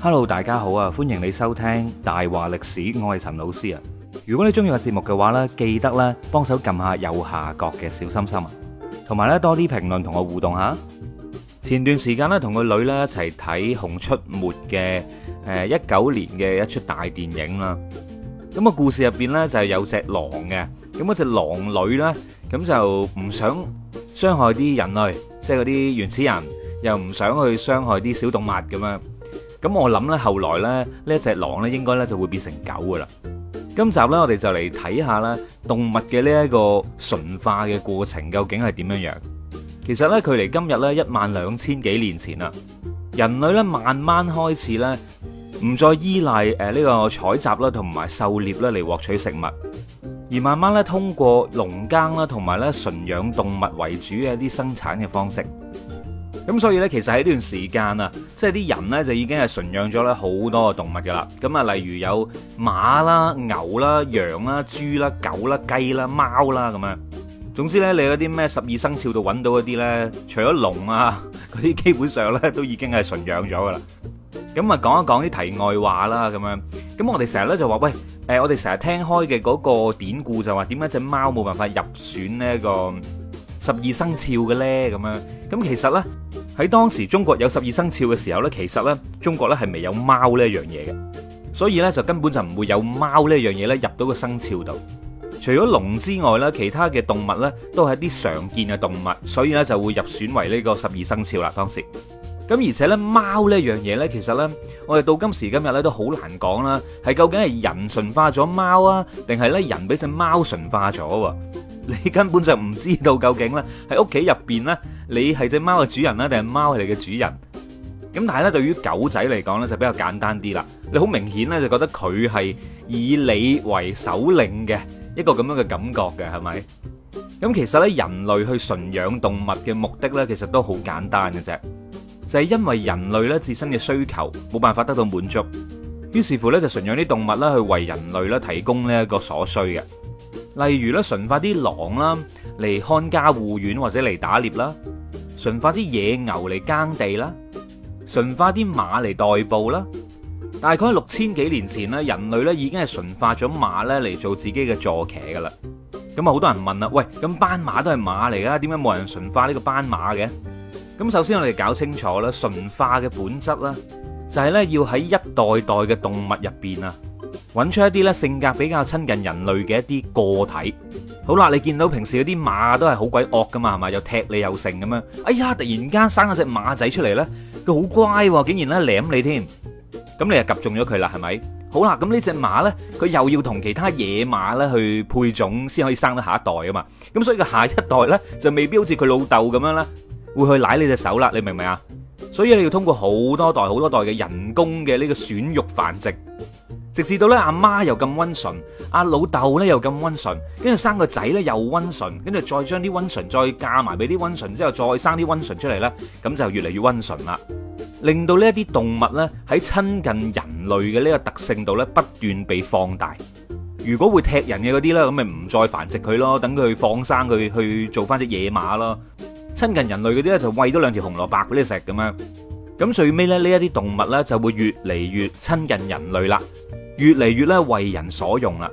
hello，大家好啊！歡迎你收聽大話歷史，我係陳老師啊！如果你中意個節目嘅話呢，記得咧幫手撳下右下角嘅小心心啊，同埋呢多啲評論同我互動下。前段時間呢，同個女呢一齊睇《熊出沒》嘅誒一九年嘅一出大電影啦。咁個故事入邊呢，就係有隻狼嘅，咁嗰隻狼女呢，咁就唔想傷害啲人類，即係嗰啲原始人，又唔想去傷害啲小動物咁樣。咁我諗呢，後來呢，呢一隻狼呢應該呢就會變成狗噶啦。今集呢，我哋就嚟睇下咧，動物嘅呢一個馴化嘅過程究竟係點樣樣。其實呢，距離今日呢，一萬兩千幾年前啦，人類呢，慢慢開始呢，唔再依賴誒呢個採集啦，同埋狩獵啦嚟獲取食物，而慢慢呢，通過農耕啦，同埋呢馴養動物為主嘅一啲生產嘅方式。咁所以咧，其實喺呢段時間啊，即係啲人咧就已經係馴養咗咧好多嘅動物噶啦。咁啊，例如有馬啦、牛啦、羊啦、豬啦、狗啦、雞啦、貓啦咁樣。總之咧，你嗰啲咩十二生肖度揾到嗰啲咧，除咗龍啊，嗰啲基本上咧都已經係馴養咗噶啦。咁啊，講一講啲題外話啦，咁樣。咁我哋成日咧就話，喂，誒，我哋成日聽開嘅嗰個典故就話，點解隻貓冇辦法入選呢、這、一個？十二生肖嘅咧，咁樣。咁其實咧喺當時中國有十二生肖嘅時候咧，其實咧中國咧係未有貓呢一樣嘢嘅，所以咧就根本就唔會有貓呢一樣嘢咧入到個生肖度。除咗龍之外啦，其他嘅動物咧都係一啲常見嘅動物，所以咧就會入選為呢個十二生肖啦。當時。咁而且咧貓呢一樣嘢咧，其實咧我哋到今時今日咧都好難講啦，係究竟係人馴化咗貓啊，定係咧人俾隻貓馴化咗？你根本就唔知道究竟咧喺屋企入邊咧，你係隻貓嘅主人咧，定係貓係你嘅主人？咁但係咧，對於狗仔嚟講咧，就比較簡單啲啦。你好明顯咧，就覺得佢係以你為首領嘅一個咁樣嘅感覺嘅，係咪？咁其實咧，人類去馴養動物嘅目的咧，其實都好簡單嘅啫，就係因為人類咧自身嘅需求冇辦法得到滿足，於是乎咧就馴養啲動物咧，去為人類咧提供呢一個所需嘅。例如咧，馴化啲狼啦，嚟看家護院或者嚟打獵啦；馴化啲野牛嚟耕地啦；馴化啲馬嚟代步啦。大概六千幾年前咧，人類咧已經係馴化咗馬咧嚟做自己嘅坐騎噶啦。咁啊，好多人問啦，喂，咁斑馬都係馬嚟噶，點解冇人馴化呢個斑馬嘅？咁首先我哋搞清楚啦，馴化嘅本質啦，就係咧要喺一代代嘅動物入邊啊。揾出一啲咧性格比較親近人類嘅一啲個體，好啦，你見到平時嗰啲馬都係好鬼惡噶嘛，係咪又踢你又剩咁樣？哎呀，突然間生咗隻馬仔出嚟咧，佢好乖，竟然咧舐你添，咁你又及中咗佢啦，係咪？好啦，咁呢隻馬咧，佢又要同其他野馬咧去配種先可以生到下一代啊嘛，咁所以佢下一代咧就未必好似佢老豆咁樣啦，會去舐你隻手啦，你明唔明啊？所以你要通過好多代好多代嘅人工嘅呢個選育繁殖。直至到咧阿媽又咁溫順，阿老豆咧又咁溫順，跟住生個仔咧又溫順，跟住再將啲溫順再嫁埋俾啲溫順之後，再生啲溫順出嚟呢，咁就越嚟越溫順啦。令到呢一啲動物呢，喺親近人類嘅呢個特性度呢，不斷被放大。如果會踢人嘅嗰啲呢，咁咪唔再繁殖佢咯，等佢放生佢去做翻隻野馬咯。親近人類嗰啲呢，就餵咗兩條紅蘿蔔俾你食咁樣。咁最尾咧呢一啲動物呢，就會越嚟越親近人類啦。越嚟越咧，為人所用啦，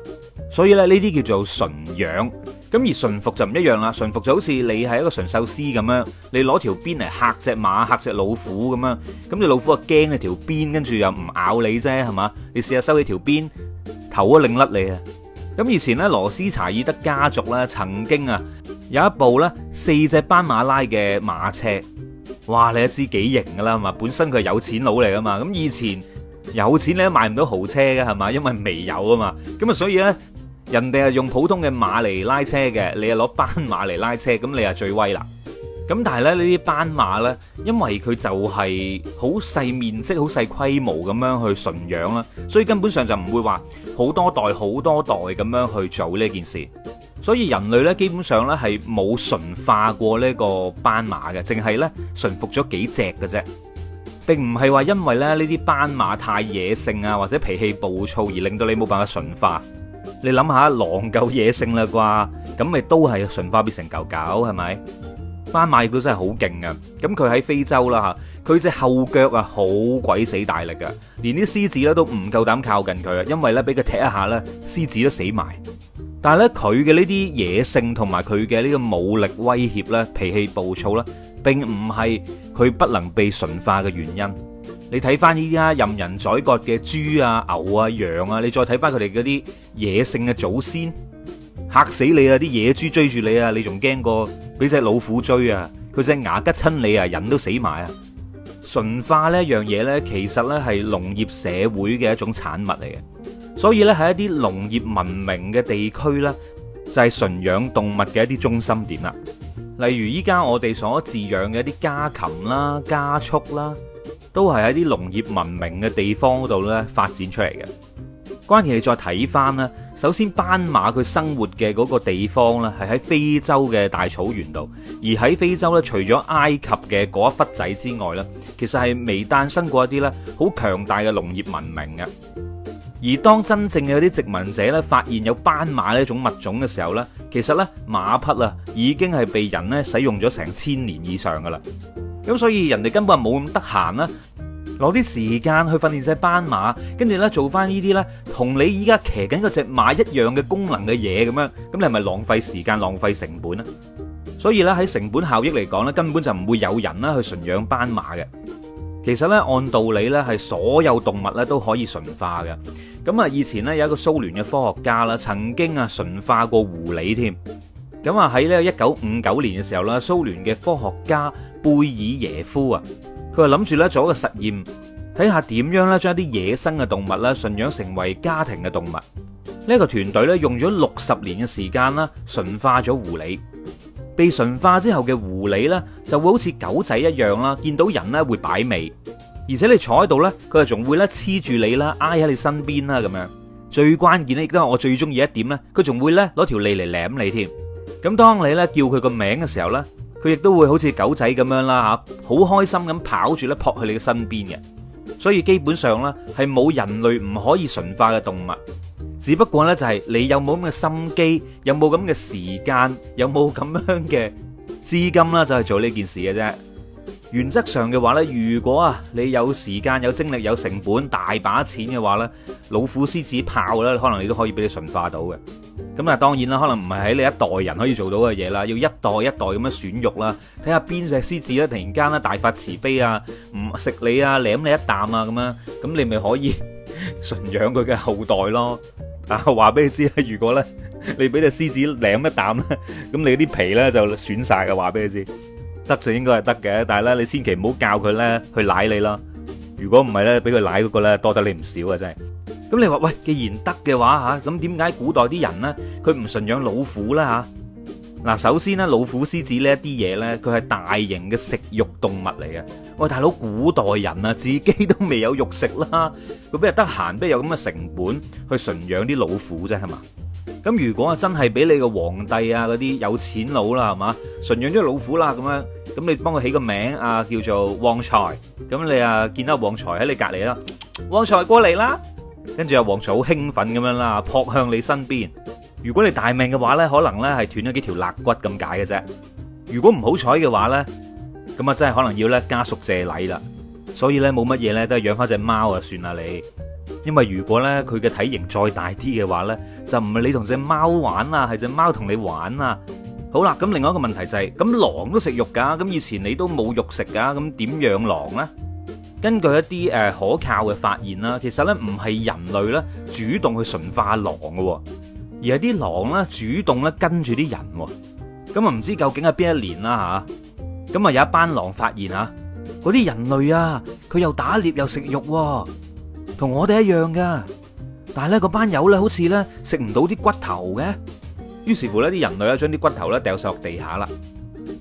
所以咧，呢啲叫做馴養，咁而馴服就唔一樣啦，馴服就好似你係一個馴獸師咁樣，你攞條鞭嚟吓隻馬吓隻老虎咁樣，咁你老虎啊驚你條鞭，跟住又唔咬你啫係嘛，你試下收起條鞭，頭都擰甩你啊！咁以前咧，羅斯柴爾德家族呢曾經啊有一部咧，四隻斑馬拉嘅馬車，哇你一知幾型噶啦係嘛，本身佢係有錢佬嚟噶嘛，咁以前。有錢你都買唔到豪車嘅係嘛？因為未有啊嘛。咁啊，所以呢，人哋係用普通嘅馬嚟拉車嘅，你係攞斑馬嚟拉車，咁你係最威啦。咁但係咧，呢啲斑馬呢，因為佢就係好細面積、好細規模咁樣去馴養啦，所以根本上就唔會話好多代、好多代咁樣去做呢件事。所以人類呢，基本上呢，係冇馴化過呢個斑馬嘅，淨係呢，馴服咗幾隻嘅啫。並唔係話因為咧呢啲斑馬太野性啊，或者脾氣暴躁而令到你冇辦法馴化。你諗下，狼夠野性啦啩，咁咪都係馴化變成狗狗係咪？斑馬亦都真係好勁噶，咁佢喺非洲啦吓，佢隻後腳啊好鬼死大力噶，連啲獅子咧都唔夠膽靠近佢啊，因為咧俾佢踢一下咧，獅子都死埋。但係咧佢嘅呢啲野性同埋佢嘅呢個武力威脅咧，脾氣暴躁咧。並唔係佢不能被馴化嘅原因。你睇翻依家任人宰割嘅豬啊、牛啊、羊啊，你再睇翻佢哋嗰啲野性嘅祖先，嚇死你啊！啲野豬追住你啊，你仲驚過俾隻老虎追啊？佢隻牙吉親你啊，人都死埋啊！馴化呢一樣嘢呢，其實呢係農業社會嘅一種產物嚟嘅，所以呢，喺一啲農業文明嘅地區呢，就係馴養動物嘅一啲中心點啦。例如依家我哋所飼養嘅一啲家禽啦、家畜啦，都係喺啲農業文明嘅地方度發展出嚟嘅。關鍵你再睇翻呢，首先斑馬佢生活嘅嗰個地方呢，係喺非洲嘅大草原度，而喺非洲呢，除咗埃及嘅嗰一忽仔之外呢，其實係未誕生過一啲呢好強大嘅農業文明嘅。而當真正嘅嗰啲殖民者呢，發現有斑馬呢種物種嘅時候呢。其實咧，馬匹啊，已經係被人咧使用咗成千年以上噶啦，咁所以人哋根本冇咁得閒啦，攞啲時間去訓練隻斑馬，跟住咧做翻呢啲咧同你依家騎緊嗰隻馬一樣嘅功能嘅嘢咁樣，咁你係咪浪費時間、浪費成本啊？所以咧喺成本效益嚟講咧，根本就唔會有人啦去馴養斑馬嘅。其實咧，按道理咧，係所有動物咧都可以馴化嘅。咁啊，以前咧有一個蘇聯嘅科學家啦，曾經啊馴化過狐狸添。咁啊喺呢個一九五九年嘅時候啦，蘇聯嘅科學家貝爾耶夫啊，佢話諗住咧做一個實驗，睇下點樣咧將一啲野生嘅動物咧馴養成為家庭嘅動物。呢、這、一個團隊咧用咗六十年嘅時間啦，馴化咗狐狸。被馴化之後嘅狐狸呢，就會好似狗仔一樣啦，見到人呢，會擺尾，而且你坐喺度呢，佢啊仲會咧黐住你啦，挨喺你身邊啦咁樣。最關鍵呢，亦都係我最中意一點呢，佢仲會呢攞條脷嚟舐你添。咁當你呢叫佢個名嘅時候呢，佢亦都會好似狗仔咁樣啦吓，好開心咁跑住咧撲去你嘅身邊嘅。所以基本上呢，係冇人類唔可以馴化嘅動物。只不過呢，就係你有冇咁嘅心機，有冇咁嘅時間，有冇咁樣嘅資金啦，就係做呢件事嘅啫。原則上嘅話呢，如果啊你有時間、有精力、有成本、大把錢嘅話呢，老虎、獅子、豹啦，可能你都可以俾你馴化到嘅。咁啊，當然啦，可能唔係喺你一代人可以做到嘅嘢啦，要一代一代咁樣選育啦，睇下邊隻獅子咧突然間咧大發慈悲啊，唔食你啊，舐你一啖啊，咁樣，咁你咪可以馴養佢嘅後代咯。啊，話俾你知啦，如果咧你俾隻獅子舐一啖咧，咁你啲皮咧就損晒噶。話俾你知，得就應該係得嘅，但係咧你千祈唔好教佢咧去舐你啦。如果唔係咧，俾佢舐嗰個咧多得你唔少啊！真係。咁你話喂，既然得嘅話吓，咁點解古代啲人咧佢唔馴養老虎啦吓？嗱，首先咧，老虎、獅子呢一啲嘢呢，佢係大型嘅食肉動物嚟嘅。喂、哎，大佬，古代人啊，自己都未有肉食啦，佢邊日得閒，邊有咁嘅成本去馴養啲老虎啫，係嘛？咁如果啊，真係俾你個皇帝啊，嗰啲有錢佬啦，係嘛，馴養咗老虎啦，咁樣，咁你幫佢起個名啊，叫做旺財。咁你啊，見到旺財喺你隔籬啦，旺財過嚟啦，跟住啊，旺財好興奮咁樣啦，撲向你身邊。如果你大命嘅話呢，可能呢係斷咗幾條肋骨咁解嘅啫。如果唔好彩嘅話呢，咁啊真係可能要呢家屬謝禮啦。所以呢，冇乜嘢呢都係養翻隻貓啊算啦你。因為如果呢，佢嘅體型再大啲嘅話呢，就唔係你同隻貓玩啊，係隻貓同你玩啊。好啦，咁另外一個問題就係，咁狼都食肉噶，咁以前你都冇肉食噶，咁點養狼呢？根據一啲誒可靠嘅發現啦，其實呢唔係人類咧主動去馴化狼噶。而係啲狼咧主動咧跟住啲人喎，咁啊唔知究竟係邊一年啦吓，咁啊有一班狼發現嚇，嗰啲人類啊佢又打獵又食肉，同我哋一樣噶，但係咧嗰班友咧好似咧食唔到啲骨頭嘅，於是乎咧啲人類咧將啲骨頭咧掉晒落地下啦，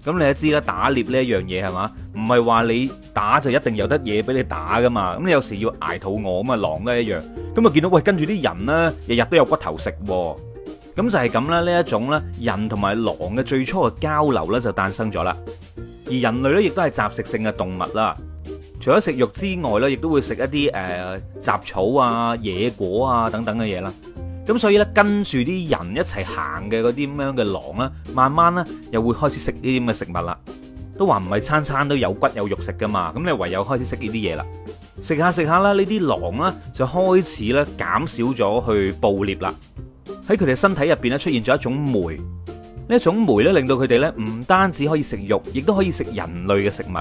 咁你都知啦，打獵呢一樣嘢係嘛，唔係話你打就一定有得嘢俾你打噶嘛，咁你有時要捱肚餓。咁啊狼都一樣，咁啊見到喂跟住啲人咧日日都有骨頭食。咁就係咁啦，呢一種咧人同埋狼嘅最初嘅交流咧就誕生咗啦。而人類咧亦都係雜食性嘅動物啦，除咗食肉之外咧，亦都會食一啲誒、呃、雜草啊、野果啊等等嘅嘢啦。咁所以咧跟住啲人一齊行嘅嗰啲咁樣嘅狼咧，慢慢咧又會開始食呢啲咁嘅食物啦。都話唔係餐餐都有骨有肉食噶嘛，咁你唯有開始食呢啲嘢啦。食下食下啦，呢啲狼咧就開始咧減少咗去捕獵啦。喺佢哋身體入邊咧出現咗一種酶，呢一種酶咧令到佢哋咧唔單止可以食肉，亦都可以食人類嘅食物。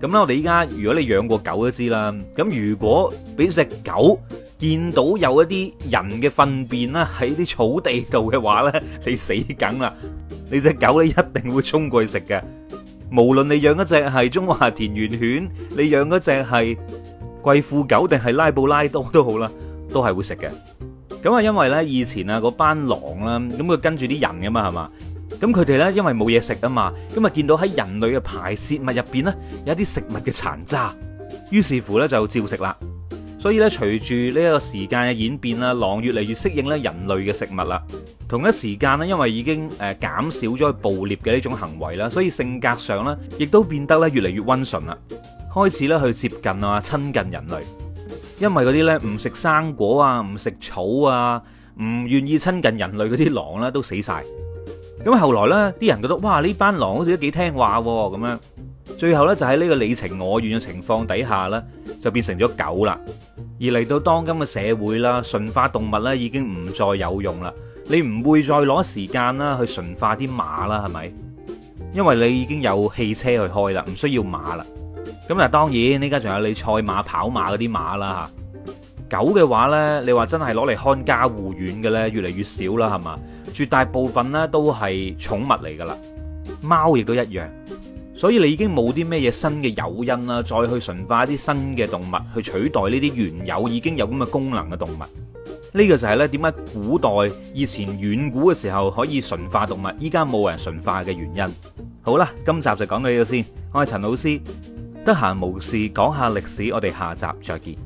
咁咧我哋而家如果你養過狗都知啦，咁如果俾隻狗見到有一啲人嘅糞便啦，喺啲草地度嘅話咧，你死梗啦！你隻狗咧一定會衝過去食嘅。無論你養嗰隻係中華田園犬，你養嗰隻係貴婦狗定係拉布拉多都好啦，都係會食嘅。咁啊，因為呢以前啊，嗰班狼啦，咁佢跟住啲人噶嘛，係嘛，咁佢哋呢，因為冇嘢食啊嘛，咁啊見到喺人類嘅排泄物入邊呢，有一啲食物嘅殘渣，於是乎呢就照食啦。所以呢，隨住呢一個時間嘅演變啦，狼越嚟越適應呢人類嘅食物啦。同一時間呢，因為已經誒減少咗去捕獵嘅呢種行為啦，所以性格上呢，亦都變得咧越嚟越温順啦，開始咧去接近啊親近人類。因為嗰啲咧唔食生果啊，唔食草啊，唔願意親近人類嗰啲狼啦，都死晒。咁後來呢啲人覺得哇，呢班狼好似都幾聽話咁樣。最後呢，就喺呢個你情我願嘅情況底下呢，就變成咗狗啦。而嚟到當今嘅社會啦，馴化動物呢已經唔再有用啦。你唔會再攞時間啦去馴化啲馬啦，係咪？因為你已經有汽車去開啦，唔需要馬啦。咁啊，當然呢家仲有你賽馬、跑馬嗰啲馬啦吓。狗嘅話呢，你話真係攞嚟看家護院嘅呢，越嚟越少啦，係嘛？絕大部分呢，都係寵物嚟噶啦。貓亦都一樣，所以你已經冇啲咩嘢新嘅誘因啦，再去馴化一啲新嘅動物去取代呢啲原有已經有咁嘅功能嘅動物。呢個就係呢點解古代以前遠古嘅時候可以馴化動物，依家冇人馴化嘅原因。好啦，今集就講到呢度先。我係陳老師。得閒無事講下歷史，我哋下集再見。